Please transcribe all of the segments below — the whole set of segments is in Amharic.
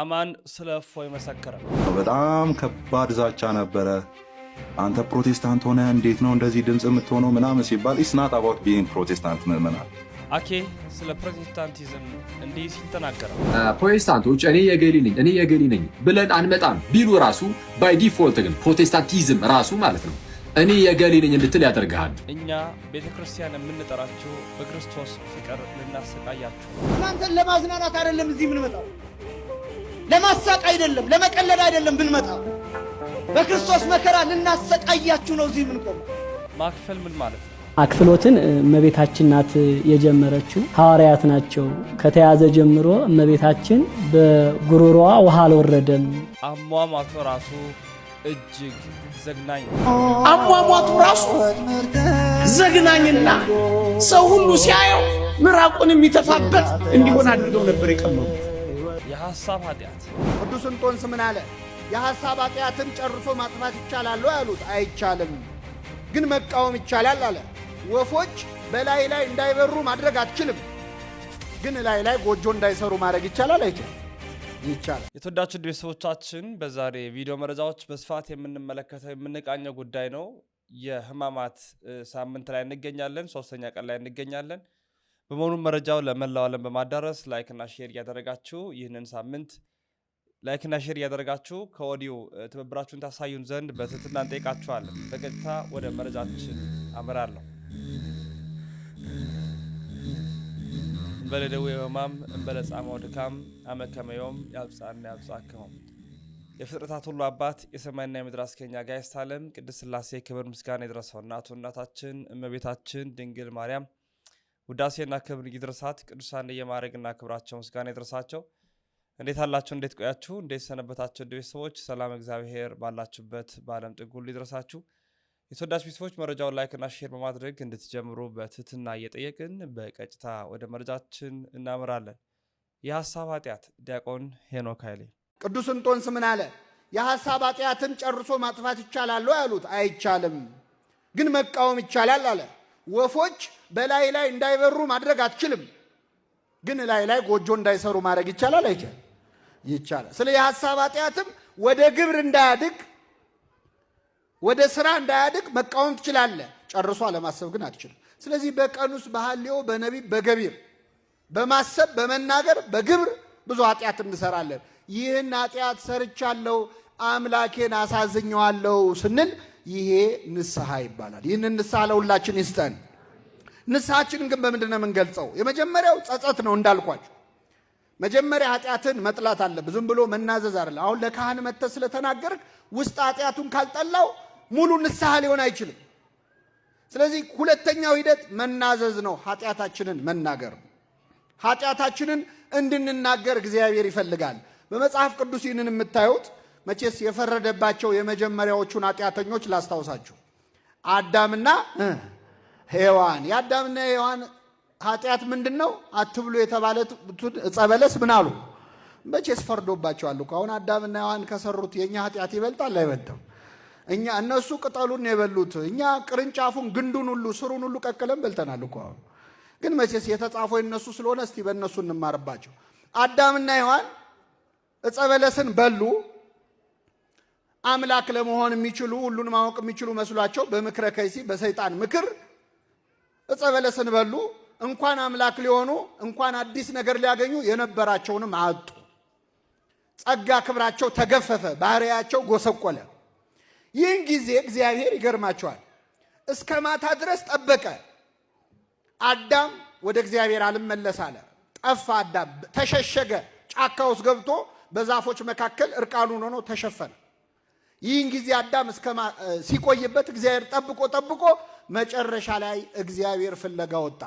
አማን ስለ እፎይ መሰከረ። በጣም ከባድ ዛቻ ነበረ። አንተ ፕሮቴስታንት ሆነ እንዴት ነው እንደዚህ ድምፅ የምትሆነው ምናምን ሲባል ኢስናት አባውት ቢንግ ፕሮቴስታንት ምዕመናል አኬ ስለ ፕሮቴስታንቲዝም እንዲህ ሲተናገረ ፕሮቴስታንቶች እኔ የገሊ ነኝ እኔ የገሊ ነኝ ብለን አንመጣም ቢሉ ራሱ ባይ ዲፎልት ግን ፕሮቴስታንቲዝም ራሱ ማለት ነው እኔ የገሊ ነኝ እንድትል ያደርግሃል። እኛ ቤተ ክርስቲያን የምንጠራችሁ በክርስቶስ ፍቅር ልናሰቃያችሁ እናንተን ለማዝናናት አይደለም እዚህ የምንመጣው ለማሳቅ አይደለም፣ ለመቀለድ አይደለም ብንመጣ በክርስቶስ መከራ ልናሰቃያችሁ ነው እዚህ የምንቆመው። ማክፈል ምን ማለት ነው? አክፍሎትን እመቤታችን ናት የጀመረችው፣ ሐዋርያት ናቸው። ከተያዘ ጀምሮ እመቤታችን በጉሮሮዋ ውሃ አልወረደም። አሟሟቱ ራሱ እጅግ ዘግናኝ አሟሟቱ ራሱ ዘግናኝና ሰው ሁሉ ሲያየው ምራቁን የሚተፋበት እንዲሆን አድርገው ነበር የቀመሙት። የሐሳብ ኃጢአት። ቅዱስ እንጦንስ ምን አለ? የሐሳብ ኃጢአትን ጨርሶ ማጥፋት ይቻላል ያሉት፣ አይቻልም፣ ግን መቃወም ይቻላል አለ። ወፎች በላይ ላይ እንዳይበሩ ማድረግ አትችልም፣ ግን ላይ ላይ ጎጆ እንዳይሰሩ ማድረግ ይቻላል አይቻልም? ይቻላል። የተወዳችሁ ቤተሰቦቻችን በዛሬ ቪዲዮ መረጃዎች በስፋት የምንመለከተው የምንቃኘው ጉዳይ ነው። የህማማት ሳምንት ላይ እንገኛለን። ሶስተኛ ቀን ላይ እንገኛለን። በመሆኑም መረጃው ለመላው ዓለም በማዳረስ ላይክና ሼር እያደረጋችሁ ይህንን ሳምንት ላይክና ሼር እያደረጋችሁ ከወዲሁ ትብብራችሁን ታሳዩን ዘንድ በትህትና እንጠይቃችኋለን። በቀጥታ ወደ መረጃችን አመራለሁ። እንበለ ደዌ ወሕማም እንበለ ጻማው ድካም አመከመዮም ከመ ዮም የፍጥረታት ሁሉ አባት የሰማይና የምድር አስገኛ ጋይስታለም ዓለም ቅድስት ሥላሴ ክብር ምስጋና የደረሰው እናቱ እናታችን እመቤታችን ድንግል ማርያም ውዳሴና ክብር ይድረሳት። ቅዱሳን የማድረግና ክብራቸው ምስጋና ይድረሳቸው። እንዴት አላችሁ? እንዴት ቆያችሁ? እንዴት ሰነበታችሁ? እንደ ቤተሰቦች ሰላም እግዚአብሔር ባላችሁበት በዓለም ጥግ ሁሉ ይድረሳችሁ። የተወዳጅ ቤተሰቦች መረጃውን ላይክና ሼር በማድረግ እንድትጀምሩ በትህትና እየጠየቅን በቀጥታ ወደ መረጃችን እናምራለን። የሀሳብ ኃጢአት ዲያቆን ሄኖክ ኃይሌ ቅዱስ እንጦንስ ምን አለ? የሐሳብ ኃጢአትን ጨርሶ ማጥፋት ይቻላል ያሉት አይቻልም፣ ግን መቃወም ይቻላል አለ ወፎች በላይ ላይ እንዳይበሩ ማድረግ አትችልም። ግን ላይ ላይ ጎጆ እንዳይሰሩ ማድረግ ይቻላል አይቻል ይቻላል። ስለ የሐሳብ ኃጢአትም ወደ ግብር እንዳያድግ ወደ ስራ እንዳያድግ መቃወም ትችላለ። ጨርሶ አለማሰብ ግን አትችልም። ስለዚህ በቀኑስ በሐልዮ በነቢ በገቢር በማሰብ በመናገር በግብር ብዙ ኃጢአት እንሰራለን። ይህን ኃጢአት ሰርቻለሁ አምላኬን አሳዝኘዋለሁ ስንል ይሄ ንስሐ ይባላል። ይህንን ንስሐ ለሁላችን ይስጠን። ንስሐችንን ግን በምንድን ነው የምንገልጸው? የመጀመሪያው ጸጸት ነው እንዳልኳቸው መጀመሪያ ኃጢአትን መጥላት አለ ዝም ብሎ መናዘዝ አለ። አሁን ለካህን መተ ስለተናገር ውስጥ ኃጢአቱን ካልጠላው ሙሉ ንስሐ ሊሆን አይችልም። ስለዚህ ሁለተኛው ሂደት መናዘዝ ነው፣ ኃጢአታችንን መናገር ኃጢአታችንን እንድንናገር እግዚአብሔር ይፈልጋል። በመጽሐፍ ቅዱስ ይህንን የምታዩት መቼስ የፈረደባቸው የመጀመሪያዎቹን ኃጢአተኞች ላስታውሳችሁ፣ አዳምና ሔዋን። የአዳምና ሔዋን ኃጢአት ምንድን ነው? አትብሉ የተባለቱን ዕፀ በለስ ምን አሉ? መቼስ ፈርዶባቸዋል እኮ። አሁን አዳምና ሔዋን ከሰሩት የእኛ ኃጢአት ይበልጣል አይበልጥም? እኛ እነሱ ቅጠሉን የበሉት እኛ ቅርንጫፉን፣ ግንዱን ሁሉ ስሩን ሁሉ ቀቅለን በልተናል እኮ። አሁን ግን መቼስ የተጻፈው የነሱ ስለሆነ እስቲ በእነሱ እንማርባቸው። አዳምና ሔዋን ዕፀ በለስን በሉ። አምላክ ለመሆን የሚችሉ ሁሉን ማወቅ የሚችሉ መስሏቸው በምክረ ከይሲ በሰይጣን ምክር ዕፀ በለስን በሉ። እንኳን አምላክ ሊሆኑ እንኳን አዲስ ነገር ሊያገኙ የነበራቸውንም አጡ። ጸጋ ክብራቸው ተገፈፈ፣ ባህሪያቸው ጎሰቆለ። ይህን ጊዜ እግዚአብሔር ይገርማቸዋል። እስከ ማታ ድረስ ጠበቀ። አዳም ወደ እግዚአብሔር አልመለስ አለ። ጠፋ። አዳም ተሸሸገ። ጫካ ውስጥ ገብቶ በዛፎች መካከል እርቃኑን ሆኖ ተሸፈነ። ይህን ጊዜ አዳም ሲቆይበት እግዚአብሔር ጠብቆ ጠብቆ መጨረሻ ላይ እግዚአብሔር ፍለጋ ወጣ።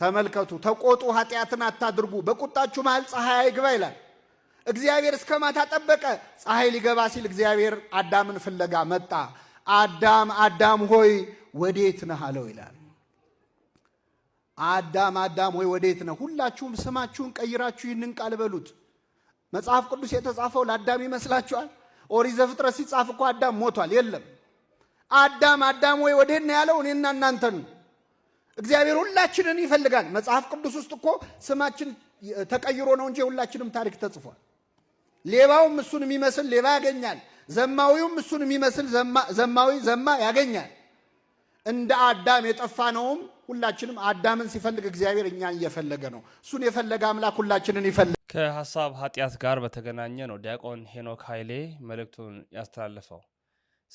ተመልከቱ፣ ተቆጡ፣ ኃጢአትን አታድርጉ፣ በቁጣችሁ መሃል ፀሐይ አይግባ ይላል። እግዚአብሔር እስከ ማታ ጠበቀ። ፀሐይ ሊገባ ሲል እግዚአብሔር አዳምን ፍለጋ መጣ። አዳም አዳም ሆይ ወዴት ነህ አለው ይላል። አዳም አዳም ሆይ ወዴት ነህ? ሁላችሁም ስማችሁን ቀይራችሁ ይህንን ቃል በሉት። መጽሐፍ ቅዱስ የተጻፈው ለአዳም ይመስላችኋል? ኦሪት ዘፍጥረት ሲጻፍ እኮ አዳም ሞቷል። የለም አዳም አዳም ወይ ወዴት ነው ያለው? እኔና እናንተን እግዚአብሔር ሁላችንን ይፈልጋል። መጽሐፍ ቅዱስ ውስጥ እኮ ስማችን ተቀይሮ ነው እንጂ ሁላችንም ታሪክ ተጽፏል። ሌባውም እሱን የሚመስል ሌባ ያገኛል። ዘማዊውም እሱን የሚመስል ዘማዊ ዘማ ያገኛል። እንደ አዳም የጠፋ ነውም ሁላችንም አዳምን ሲፈልግ እግዚአብሔር እኛን እየፈለገ ነው። እሱን የፈለገ አምላክ ሁላችንን ይፈልግ። ከሀሳብ ኃጢአት ጋር በተገናኘ ነው ዲያቆን ሄኖክ ኃይሌ መልእክቱን ያስተላለፈው።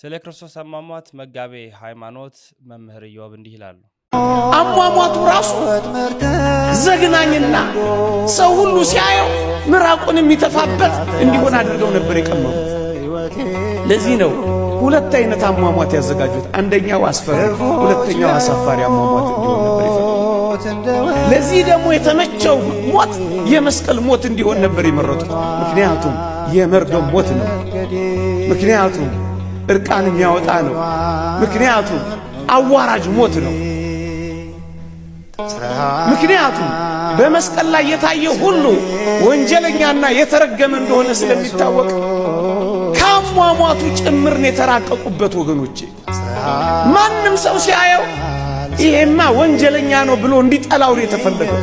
ስለ ክርስቶስ አሟሟት መጋቤ ሃይማኖት መምህር እዮብ እንዲህ ይላሉ። አሟሟቱ ራሱ ዘግናኝና ሰው ሁሉ ሲያየው ምራቁን የሚተፋበት እንዲሆን አድርገው ነበር የቀመሙት። ለዚህ ነው ሁለት አይነት አሟሟት ያዘጋጁት። አንደኛው አስፈሪ፣ ሁለተኛው አሳፋሪ አሟሟት ለዚህ ደግሞ የተመቸው ሞት የመስቀል ሞት እንዲሆን ነበር የመረጡት። ምክንያቱም የመርዶም ሞት ነው። ምክንያቱም እርቃን የሚያወጣ ነው። ምክንያቱም አዋራጅ ሞት ነው። ምክንያቱም በመስቀል ላይ የታየ ሁሉ ወንጀለኛና የተረገመ እንደሆነ ስለሚታወቅ ከአሟሟቱ ጭምር ነው የተራቀቁበት ወገኖቼ። ማንም ሰው ሲያየው ይሄማ ወንጀለኛ ነው ብሎ እንዲጠላው ነው የተፈለገው።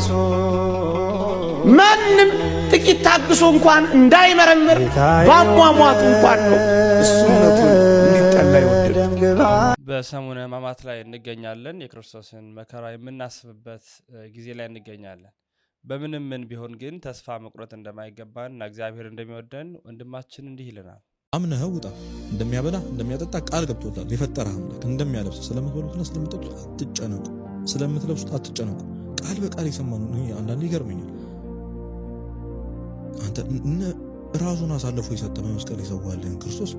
ማንም ጥቂት ታግሶ እንኳን እንዳይመረምር በአሟሟቱ እንኳን ነው እሱነቱ እንዲጠላ ይወደድ። በሰሙነ ሕማማት ላይ እንገኛለን። የክርስቶስን መከራ የምናስብበት ጊዜ ላይ እንገኛለን። በምንም ምን ቢሆን ግን ተስፋ መቁረጥ እንደማይገባን እና እግዚአብሔር እንደሚወደን ወንድማችን እንዲህ ይልናል። አምነህ ውጣ። እንደሚያበላ እንደሚያጠጣ ቃል ገብቶታል። የፈጠረ አምላክ እንደሚያለብስ ስለምትበሉትና ስለምትጠጡት አትጨነቁ፣ ስለምትለብሱት አትጨነቁ። ቃል በቃል የሰማኑ አንዳንድ ይገርመኛል። አንተ ራሱን አሳልፎ የሰጠ በመስቀል የሰዋልን ክርስቶስ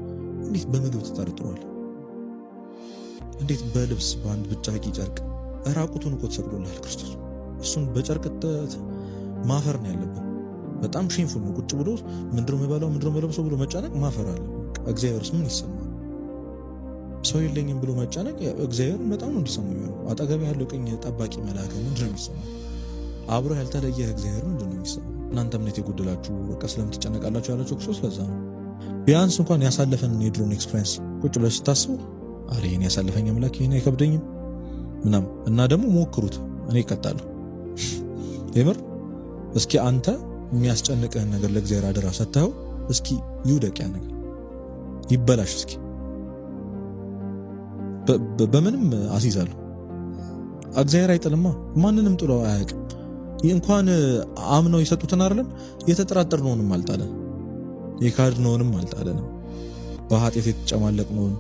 እንዴት በምግብ ተጠርጥሯል? እንዴት በልብስ በአንድ ብጫቂ ጨርቅ ራቁቱን እኮ ተሰቅሎላል ክርስቶስ። እሱን በጨርቅ ማፈር ነው ያለብን። በጣም ሼንፉል ነው። ቁጭ ብሎ ምንድሮ ነው ምንድሮ የሚለብሰው ብሎ መጨነቅ ማፈር አለ። እግዚአብሔር ምን ይሰማል? ሰው የለኝም ብሎ መጨነቅ እግዚአብሔር በጣም ነው እንዲሰማ የሚሆነው። አጠገብ ያለው ቀኝ ጠባቂ መልአክ ምንድን ነው የሚሰማ? አብሮ ያልተለየ እግዚአብሔር ምንድን ነው የሚሰማ? እናንተ እምነት የጎደላችሁ በቃ ስለምትጨነቃላችሁ ያላቸው ክርስቶስ ለዛ ነው። ቢያንስ እንኳን ያሳለፈን የድሮን ኤክስፔሪንስ ቁጭ ብለሽ ስታስቡ አረ ይህን ያሳለፈኝ አምላክ ይህን አይከብደኝም ምናም እና ደግሞ ሞክሩት። እኔ ይቀጣለሁ የምር እስኪ አንተ የሚያስጨንቅህን ነገር ለእግዚአብሔር አደራ ሰጥተኸው እስኪ ይውደቅ ያ ነገር ይበላሽ እስኪ በምንም አስይዛለሁ። እግዚአብሔር አይጥልማ፣ ማንንም ጥሎ አያውቅም። እንኳን አምነው የሰጡትን አይደለም የተጠራጠርነውንም አልጣለን፣ የካድነውንም አልጣለንም። በኃጢአት የተጨማለቅነውን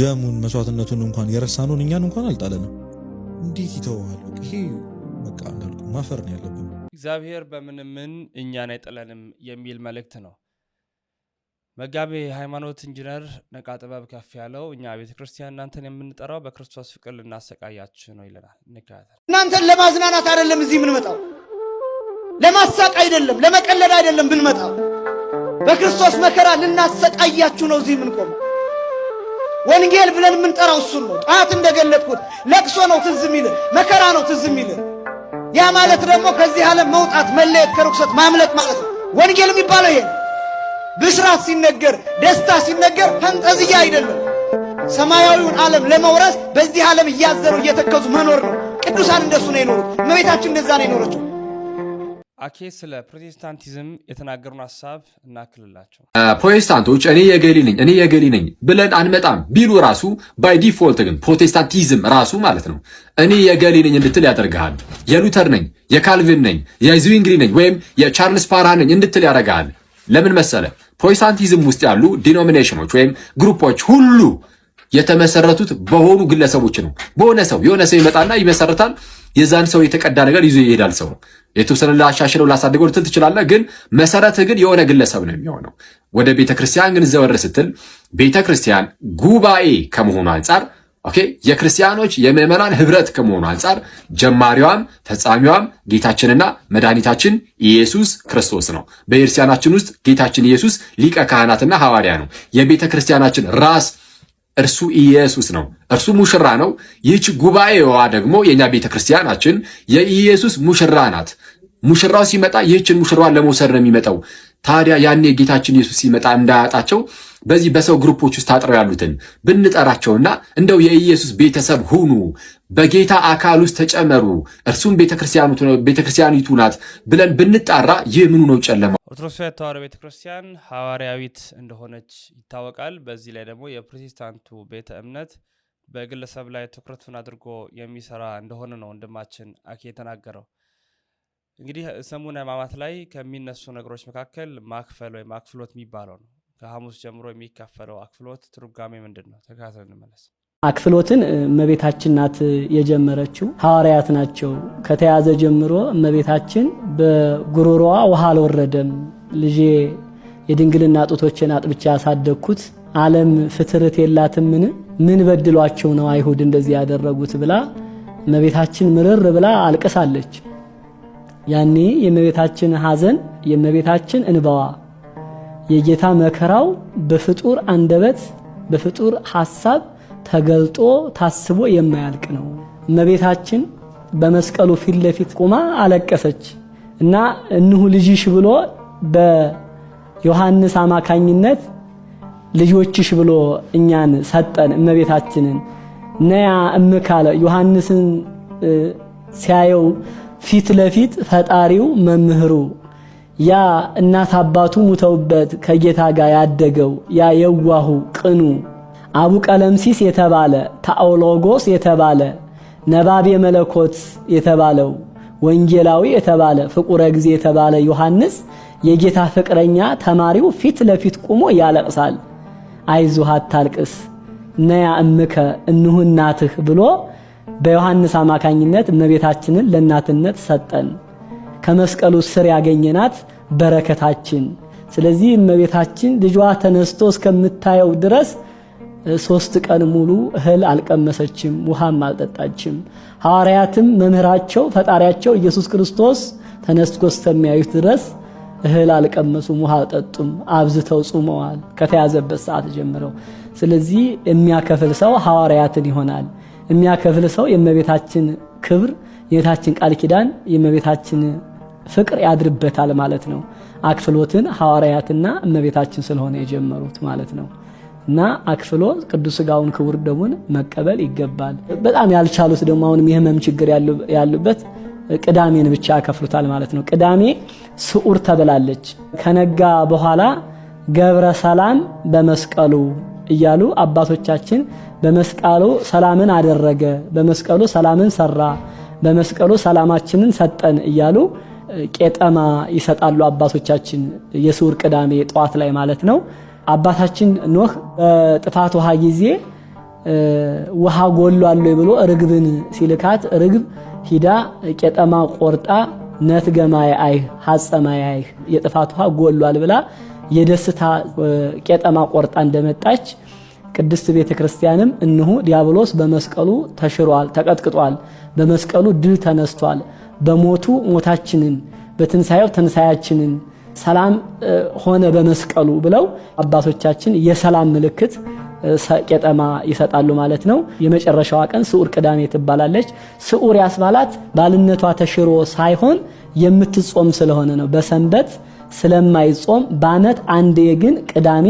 ደሙን መስዋዕትነቱን እንኳን የረሳነውን እኛን እንኳን አልጣለንም። እንዴት ይተዋል? ይሄ በቃ እንዳልኩ ማፈር ነው ያለብን። እግዚአብሔር በምን ምን እኛን አይጥለንም የሚል መልእክት ነው። መጋቤ ሃይማኖት ኢንጂነር ነቃ ጥበብ ከፍ ያለው እኛ ቤተ ክርስቲያን እናንተን የምንጠራው በክርስቶስ ፍቅር ልናሰቃያችሁ ነው ይለናል። እንከታተል። እናንተን ለማዝናናት አይደለም እዚህ የምንመጣው፣ ለማሳቅ አይደለም፣ ለመቀለድ አይደለም ብንመጣው፣ በክርስቶስ መከራ ልናሰቃያችሁ ነው እዚህ የምንቆመው። ወንጌል ብለን የምንጠራው እሱን ነው። ጠዋት እንደገለጥኩት ለቅሶ ነው ትዝ የሚልን፣ መከራ ነው ትዝ የሚልን ያ ማለት ደግሞ ከዚህ ዓለም መውጣት መለየት፣ ከርኩሰት ማምለጥ ማለት ነው። ወንጌል የሚባለው ይሄ ብስራት ሲነገር፣ ደስታ ሲነገር ፈንጠዝያ አይደለም። ሰማያዊውን ዓለም ለመውረስ በዚህ ዓለም እያዘኑ እየተከዙ መኖር ነው። ቅዱሳን እንደሱ ነው የኖሩት። እመቤታችን እንደዛ ነው የኖረችው። አኬ ስለ ፕሮቴስታንቲዝም የተናገሩን ሀሳብ እናክልላቸው። ፕሮቴስታንቶች እኔ የገሊ ነኝ እኔ የገሊ ነኝ ብለን አንመጣም ቢሉ ራሱ ባይ ዲፎልት ግን ፕሮቴስታንቲዝም ራሱ ማለት ነው እኔ የገሊ ነኝ እንድትል ያደርግሃል። የሉተር ነኝ፣ የካልቪን ነኝ፣ የዝዊንግሊ ነኝ ወይም የቻርልስ ፓራ ነኝ እንድትል ያደርግሃል። ለምን መሰለ? ፕሮቴስታንቲዝም ውስጥ ያሉ ዲኖሚኔሽኖች ወይም ግሩፖች ሁሉ የተመሰረቱት በሆኑ ግለሰቦች ነው። በሆነ ሰው የሆነ ሰው ይመጣና ይመሰርታል የዛን ሰው የተቀዳ ነገር ይዞ ይሄዳል። ሰው የተወሰነ ላሻሽለው ላሳድገው ልትል ትችላለህ። ግን መሰረት ግን የሆነ ግለሰብ ነው የሚሆነው። ወደ ቤተክርስቲያን ግን ዘወር ስትል ቤተክርስቲያን ጉባኤ ከመሆኑ አንጻር ኦኬ የክርስቲያኖች የምዕመናን ህብረት ከመሆኑ አንጻር ጀማሪዋም ፈጻሚዋም ጌታችንና መድኃኒታችን ኢየሱስ ክርስቶስ ነው። በክርስቲያናችን ውስጥ ጌታችን ኢየሱስ ሊቀ ካህናትና ሐዋርያ ነው። የቤተ ክርስቲያናችን ራስ እርሱ ኢየሱስ ነው። እርሱ ሙሽራ ነው። ይህች ጉባኤዋ ደግሞ የእኛ ቤተክርስቲያናችን የኢየሱስ ሙሽራ ናት። ሙሽራው ሲመጣ ይህችን ሙሽራዋን ለመውሰድ ነው የሚመጣው። ታዲያ ያኔ ጌታችን ኢየሱስ ሲመጣ እንዳያጣቸው በዚህ በሰው ግሩፖች ውስጥ ታጥረው ያሉትን ብንጠራቸውና እንደው የኢየሱስ ቤተሰብ ሁኑ፣ በጌታ አካል ውስጥ ተጨመሩ፣ እርሱም ቤተክርስቲያኒቱ ናት ብለን ብንጣራ ይህ ምኑ ነው ጨለማ? ኦርቶዶክስ ተዋሕዶ ቤተክርስቲያን ሐዋርያዊት እንደሆነች ይታወቃል። በዚህ ላይ ደግሞ የፕሮቴስታንቱ ቤተ እምነት በግለሰብ ላይ ትኩረቱን አድርጎ የሚሰራ እንደሆነ ነው ወንድማችን አኬ የተናገረው። እንግዲህ ሰሙን ሕማማት ላይ ከሚነሱ ነገሮች መካከል ማክፈል ወይም አክፍሎት የሚባለው ነው። ከሐሙስ ጀምሮ የሚከፈለው አክፍሎት ትርጓሜ ምንድን ነው? ተከታተል እንመለስ። አክፍሎትን እመቤታችን ናት የጀመረችው፣ ሐዋርያት ናቸው። ከተያዘ ጀምሮ እመቤታችን በጉሮሮዋ ውሃ አልወረደም። ልጄ የድንግልና ጡቶችን አጥብቻ ያሳደግኩት አለም ፍትርት የላትምን? ምን በድሏቸው ነው አይሁድ እንደዚህ ያደረጉት ብላ እመቤታችን ምርር ብላ አልቅሳለች። ያኔ የእመቤታችን ሐዘን የእመቤታችን እንባዋ የጌታ መከራው በፍጡር አንደበት በፍጡር ሐሳብ ተገልጦ ታስቦ የማያልቅ ነው። እመቤታችን በመስቀሉ ፊት ለፊት ቁማ አለቀሰች እና እንሁ ልጅሽ ብሎ በዮሐንስ አማካኝነት ልጆችሽ ብሎ እኛን ሰጠን። እመቤታችንን ነያ እምካለ ዮሐንስን ሲያየው ፊት ለፊት ፈጣሪው መምህሩ ያ እናት አባቱ ሙተውበት ከጌታ ጋር ያደገው ያ የዋሁ ቅኑ አቡ ቀለምሲስ የተባለ ታኦሎጎስ የተባለ ነባቤ መለኮት የተባለው ወንጌላዊ የተባለ ፍቁረ ጊዜ የተባለ ዮሐንስ የጌታ ፍቅረኛ ተማሪው ፊት ለፊት ቁሞ ያለቅሳል። አይዞህ አታልቅስ፣ ነያ እምከ እንሁ እናትህ ብሎ በዮሐንስ አማካኝነት እመቤታችንን ለእናትነት ሰጠን። ከመስቀሉ ስር ያገኘናት በረከታችን። ስለዚህ እመቤታችን ልጇ ተነስቶ እስከምታየው ድረስ ሶስት ቀን ሙሉ እህል አልቀመሰችም፣ ውሃም አልጠጣችም። ሐዋርያትም መምህራቸው ፈጣሪያቸው ኢየሱስ ክርስቶስ ተነስቶ እስከሚያዩት ድረስ እህል አልቀመሱም፣ ውሃ አልጠጡም። አብዝተው ጾመዋል ከተያዘበት ሰዓት ጀምረው። ስለዚህ የሚያከፍል ሰው ሐዋርያትን ይሆናል። የሚያከፍል ሰው የእመቤታችን ክብር የእመቤታችን ቃል ኪዳን የእመቤታችን ፍቅር ያድርበታል ማለት ነው። አክፍሎትን ሐዋርያትና እመቤታችን ስለሆነ የጀመሩት ማለት ነው። እና አክፍሎ ቅዱስ ሥጋውን ክቡር ደሙን መቀበል ይገባል። በጣም ያልቻሉት ደግሞ አሁንም የህመም ችግር ያሉበት ቅዳሜን ብቻ ያከፍሉታል ማለት ነው። ቅዳሜ ስዑር ተብላለች። ከነጋ በኋላ ገብረ ሰላም በመስቀሉ እያሉ አባቶቻችን በመስቀሉ ሰላምን አደረገ፣ በመስቀሉ ሰላምን ሰራ፣ በመስቀሉ ሰላማችንን ሰጠን እያሉ ቄጠማ ይሰጣሉ አባቶቻችን። የስውር ቅዳሜ ጠዋት ላይ ማለት ነው። አባታችን ኖህ በጥፋት ውሃ ጊዜ ውሃ ጎሏል ብሎ ርግብን ሲልካት ርግብ ሂዳ ቄጠማ ቆርጣ ነትገማይ አይህ ሐጸማይ አይህ የጥፋት ውሃ ጎሏል ብላ የደስታ ቄጠማ ቆርጣ እንደመጣች ቅድስት ቤተ ክርስቲያንም እንሆ ዲያብሎስ በመስቀሉ ተሽሯል፣ ተቀጥቅጧል፣ በመስቀሉ ድል ተነስቷል፣ በሞቱ ሞታችንን፣ በትንሣኤው ትንሣያችንን ሰላም ሆነ በመስቀሉ ብለው አባቶቻችን የሰላም ምልክት ቄጠማ ይሰጣሉ ማለት ነው። የመጨረሻዋ ቀን ስዑር ቅዳሜ ትባላለች። ስዑር ያስባላት ባልነቷ ተሽሮ ሳይሆን የምትጾም ስለሆነ ነው። በሰንበት ስለማይጾም በዓመት አንዴ ግን ቅዳሜ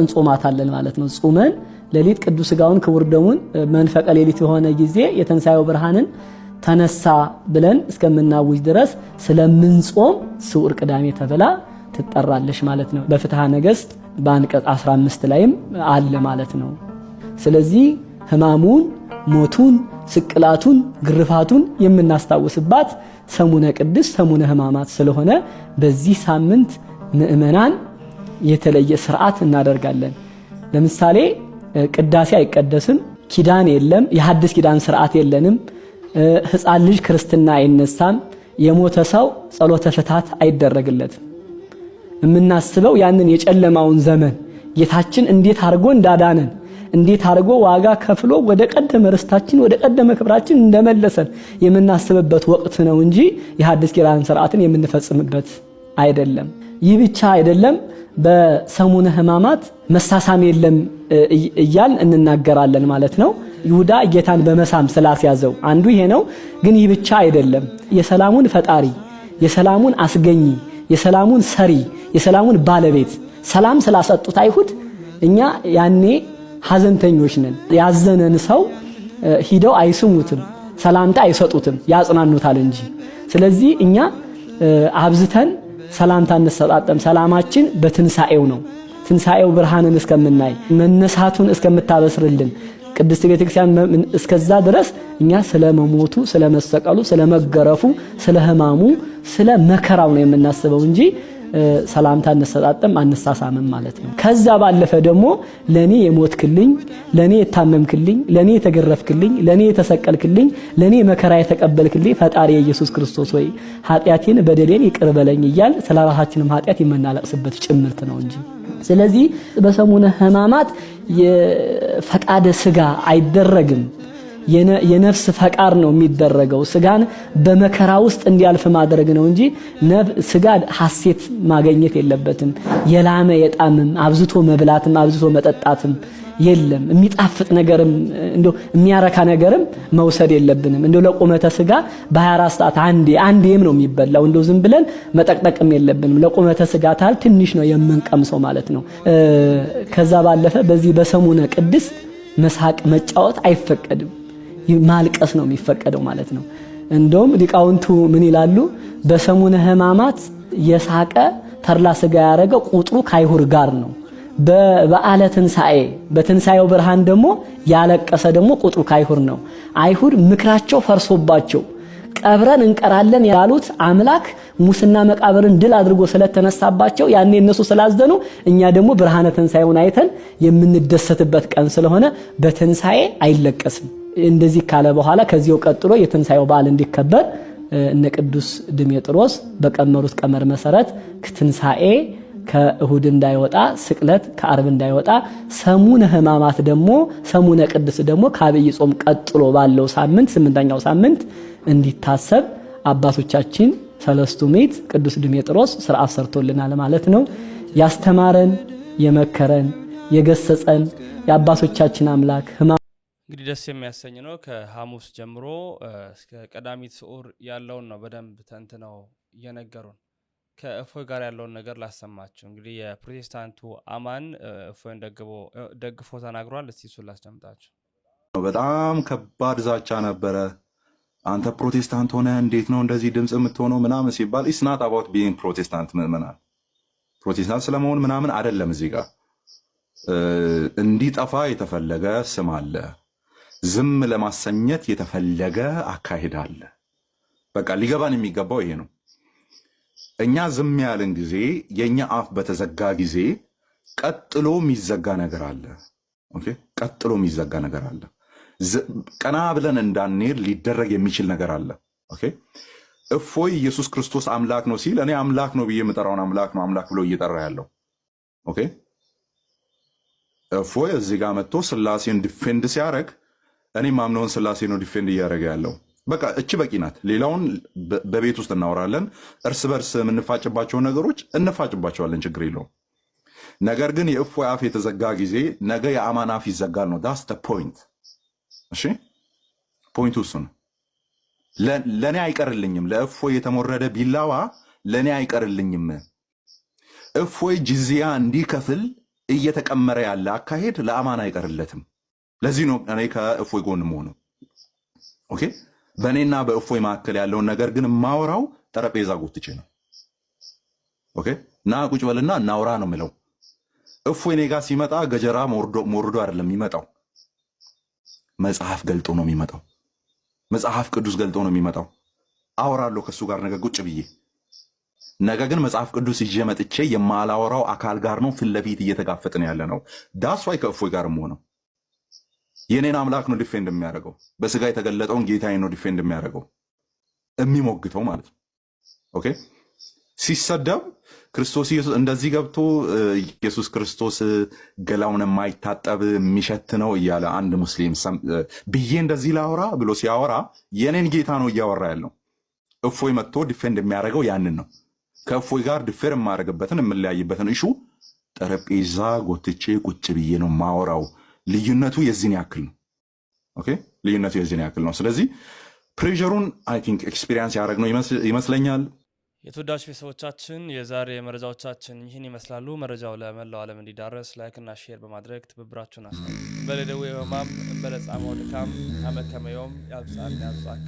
እንጾማታለን ማለት ነው። ጾመን ሌሊት ቅዱስ ጋውን ክቡር ደሙን መንፈቀ ሌሊት የሆነ ጊዜ የተንሳኤው ብርሃንን ተነሳ ብለን እስከምናውጅ ድረስ ስለምንጾም ስዑር ቅዳሜ ተብላ ትጠራለች ማለት ነው። በፍትሐ ነገሥት በአንቀጽ 15 ላይም አለ ማለት ነው። ስለዚህ ሕማሙን፣ ሞቱን፣ ስቅላቱን፣ ግርፋቱን የምናስታውስባት ሰሙነ ቅዱስ ሰሙነ ሕማማት ስለሆነ በዚህ ሳምንት ምእመናን የተለየ ስርዓት እናደርጋለን። ለምሳሌ ቅዳሴ አይቀደስም፣ ኪዳን የለም፣ የሐዲስ ኪዳን ስርዓት የለንም። ህፃን ልጅ ክርስትና አይነሳም። የሞተ ሰው ጸሎተ ፍታት አይደረግለትም። የምናስበው ያንን የጨለማውን ዘመን ጌታችን እንዴት አድርጎ እንዳዳነን እንዴት አድርጎ ዋጋ ከፍሎ ወደ ቀደመ ርስታችን ወደ ቀደመ ክብራችን እንደመለሰን የምናስብበት ወቅት ነው እንጂ የሐዲስ ኪዳን ስርዓትን የምንፈጽምበት አይደለም። ይህ ብቻ አይደለም። በሰሙነ ሕማማት መሳሳም የለም እያል እንናገራለን ማለት ነው። ይሁዳ ጌታን በመሳም ስላስያዘው አንዱ ይሄ ነው። ግን ይህ ብቻ አይደለም። የሰላሙን ፈጣሪ፣ የሰላሙን አስገኚ፣ የሰላሙን ሰሪ፣ የሰላሙን ባለቤት ሰላም ስላሰጡት አይሁድ እኛ ያኔ ሀዘንተኞች ነን። ያዘነን ሰው ሂደው አይስሙትም፣ ሰላምታ አይሰጡትም፣ ያጽናኑታል እንጂ። ስለዚህ እኛ አብዝተን ሰላምታ እንሰጣጠም። ሰላማችን በትንሣኤው ነው። ትንሣኤው ብርሃንን እስከምናይ መነሳቱን እስከምታበስርልን ቅድስት ቤተክርስቲያን እስከዛ ድረስ እኛ ስለ መሞቱ፣ ስለ መሰቀሉ፣ ስለ መገረፉ፣ ስለ ሕማሙ፣ ስለ መከራው ነው የምናስበው እንጂ ሰላምታ እንሰጣጠም አንሳሳምም ማለት ነው። ከዛ ባለፈ ደግሞ ለኔ የሞትክልኝ፣ ለኔ የታመምክልኝ፣ ለኔ የተገረፍክልኝ፣ ለኔ የተሰቀልክልኝ፣ ለኔ መከራ የተቀበልክልኝ ፈጣሪ የኢየሱስ ክርስቶስ ወይ ኃጢአቴን በደሌን ይቅርበለኝ እያል ስለ ራሳችንም ኃጢአት የምናለቅስበት ጭምርት ነው እንጂ። ስለዚህ በሰሙነ ሕማማት የፈቃደ ስጋ አይደረግም። የነፍስ ፈቃር ነው የሚደረገው። ስጋን በመከራ ውስጥ እንዲያልፍ ማድረግ ነው እንጂ ስጋ ሐሴት ማገኘት የለበትም። የላመ የጣምም አብዝቶ መብላትም አብዝቶ መጠጣትም የለም። የሚጣፍጥ ነገርም እንዶ የሚያረካ ነገርም መውሰድ የለብንም። እንዶ ለቁመተ ስጋ በ24 ሰዓት አንዴ አንዴም ነው የሚበላው። እንዶ ዝም ብለን መጠቅጠቅም የለብንም። ለቁመተ ስጋ ታል ትንሽ ነው የምንቀምሰው ማለት ነው። ከዛ ባለፈ በዚህ በሰሙነ ቅድስት መሳቅ መጫወት አይፈቀድም። ማልቀስ ነው የሚፈቀደው ማለት ነው። እንደውም ሊቃውንቱ ምን ይላሉ? በሰሙነ ሕማማት የሳቀ ተርላ ስጋ ያደረገ ቁጥሩ ካይሁር ጋር ነው። በበዓለ ትንሣኤ በትንሣኤው ብርሃን ደግሞ ያለቀሰ ደግሞ ቁጥሩ ካይሁር ነው። አይሁድ ምክራቸው ፈርሶባቸው ቀብረን እንቀራለን ያሉት አምላክ ሙስና መቃብርን ድል አድርጎ ስለተነሳባቸው ያኔ እነሱ ስላዘኑ እኛ ደግሞ ብርሃነ ትንሣኤውን አይተን የምንደሰትበት ቀን ስለሆነ በትንሣኤ አይለቀስም። እንደዚህ ካለ በኋላ ከዚያው ቀጥሎ የትንሣኤው በዓል እንዲከበር እነ ቅዱስ ድሜጥሮስ በቀመሩት ቀመር መሰረት ትንሣኤ ከእሁድ እንዳይወጣ፣ ስቅለት ከአርብ እንዳይወጣ፣ ሰሙነ ሕማማት ደግሞ ሰሙነ ቅዱስ ደግሞ ከአብይ ጾም ቀጥሎ ባለው ሳምንት ስምንተኛው ሳምንት እንዲታሰብ አባቶቻችን ሰለስቱ ምዕት ቅዱስ ድሜጥሮስ ስርዓት ሰርቶልናል ማለት ነው። ያስተማረን የመከረን የገሰጸን የአባቶቻችን አምላክ እንግዲህ ደስ የሚያሰኝ ነው። ከሐሙስ ጀምሮ እስከ ቀዳሚት ስዑር ያለውን ነው በደንብ ተንትነው እየነገሩን። ከእፎይ ጋር ያለውን ነገር ላሰማችሁ። እንግዲህ የፕሮቴስታንቱ አማን እፎይን ደግፎ ተናግሯል። እስቲ እሱን ላስደምጣችሁ። በጣም ከባድ ዛቻ ነበረ። አንተ ፕሮቴስታንት ሆነ እንዴት ነው እንደዚህ ድምፅ የምትሆነው ምናምን ሲባል ኢስናት አባውት ቢንግ ፕሮቴስታንት ምዕመናን ፕሮቴስታንት ስለመሆን ምናምን አደለም። እዚህ ጋር እንዲጠፋ የተፈለገ ስም አለ ዝም ለማሰኘት የተፈለገ አካሄድ አለ። በቃ ሊገባን የሚገባው ይሄ ነው። እኛ ዝም ያልን ጊዜ የእኛ አፍ በተዘጋ ጊዜ ቀጥሎ የሚዘጋ ነገር አለ። ቀጥሎ የሚዘጋ ነገር አለ። ቀና ብለን እንዳንሄድ ሊደረግ የሚችል ነገር አለ። እፎይ ኢየሱስ ክርስቶስ አምላክ ነው ሲል እኔ አምላክ ነው ብዬ የምጠራውን አምላክ ነው አምላክ ብሎ እየጠራ ያለው እፎይ እዚህ ጋር መጥቶ ስላሴን ዲፌንድ ሲያደርግ እኔ ማምነውን ስላሴ ነው ዲፌንድ እያደረገ ያለው። በቃ እቺ በቂ ናት። ሌላውን በቤት ውስጥ እናወራለን። እርስ በርስ የምንፋጭባቸው ነገሮች እንፋጭባቸዋለን፣ ችግር የለውም። ነገር ግን የእፎይ አፍ የተዘጋ ጊዜ ነገ የአማን አፍ ይዘጋል ነው። ዳስ ፖይንት። እሺ ፖይንቱ እሱ ነው። ለእኔ አይቀርልኝም። ለእፎይ የተሞረደ ቢላዋ ለእኔ አይቀርልኝም። እፎይ ጅዚያ እንዲከፍል እየተቀመረ ያለ አካሄድ ለአማን አይቀርለትም። ለዚህ ነው እኔ ከእፎይ ጎን መሆነው። ኦኬ በእኔና በእፎይ መካከል ያለውን ነገር ግን ማውራው ጠረጴዛ ጎትቼ ነው። ኦኬ ና ቁጭ በልና እናውራ ነው የምለው። እፎይ እኔ ጋር ሲመጣ ገጀራ ሞርዶ አይደለም የሚመጣው፣ መጽሐፍ ገልጦ ነው የሚመጣው። መጽሐፍ ቅዱስ ገልጦ ነው የሚመጣው። አወራለሁ ከእሱ ጋር ነገ ቁጭ ብዬ። ነገ ግን መጽሐፍ ቅዱስ ይዤ መጥቼ የማላወራው አካል ጋር ነው ፊት ለፊት እየተጋፈጥን ያለ ነው። ዳስ ዋይ ከእፎይ ጋር ሆነው የኔን አምላክ ነው ዲፌንድ የሚያደርገው። በስጋ የተገለጠውን ጌታዬ ነው ዲፌንድ የሚያደርገው የሚሞግተው ማለት ነው። ኦኬ ሲሰደብ ክርስቶስ ኢየሱስ እንደዚህ ገብቶ ኢየሱስ ክርስቶስ ገላውን የማይታጠብ የሚሸት ነው እያለ አንድ ሙስሊም ብዬ እንደዚህ ላወራ ብሎ ሲያወራ የኔን ጌታ ነው እያወራ ያለው። እፎይ መጥቶ ዲፌንድ የሚያደርገው ያንን ነው። ከእፎይ ጋር ድፌር የማደርግበትን የምለያይበትን እሹ ጠረጴዛ ጎትቼ ቁጭ ብዬ ነው ማወራው ልዩነቱ የዚህን ያክል ነው። ኦኬ ልዩነቱ የዚህን ያክል ነው። ስለዚህ ፕሬሩን አይ ቲንክ ኤክስፒሪንስ ያደረግነው ይመስለኛል። የተወዳጅ ቤተሰቦቻችን የዛሬ መረጃዎቻችን ይህን ይመስላሉ። መረጃው ለመላው ዓለም እንዲዳረስ ላይክና ሼር በማድረግ ትብብራችሁን አስ በለደዌ የመማም በለጻመው ድካም አመከመዮም ያብጻል ያብጻ